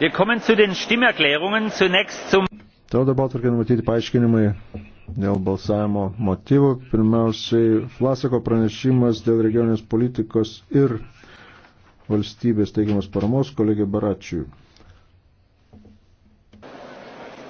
Toliau dabar turkė numatyti paaiškinimai dėl balsavimo motyvų. Pirmiausiai Flasako pranešimas dėl regioninės politikos ir valstybės teikiamas paramos kolegė Baračiui.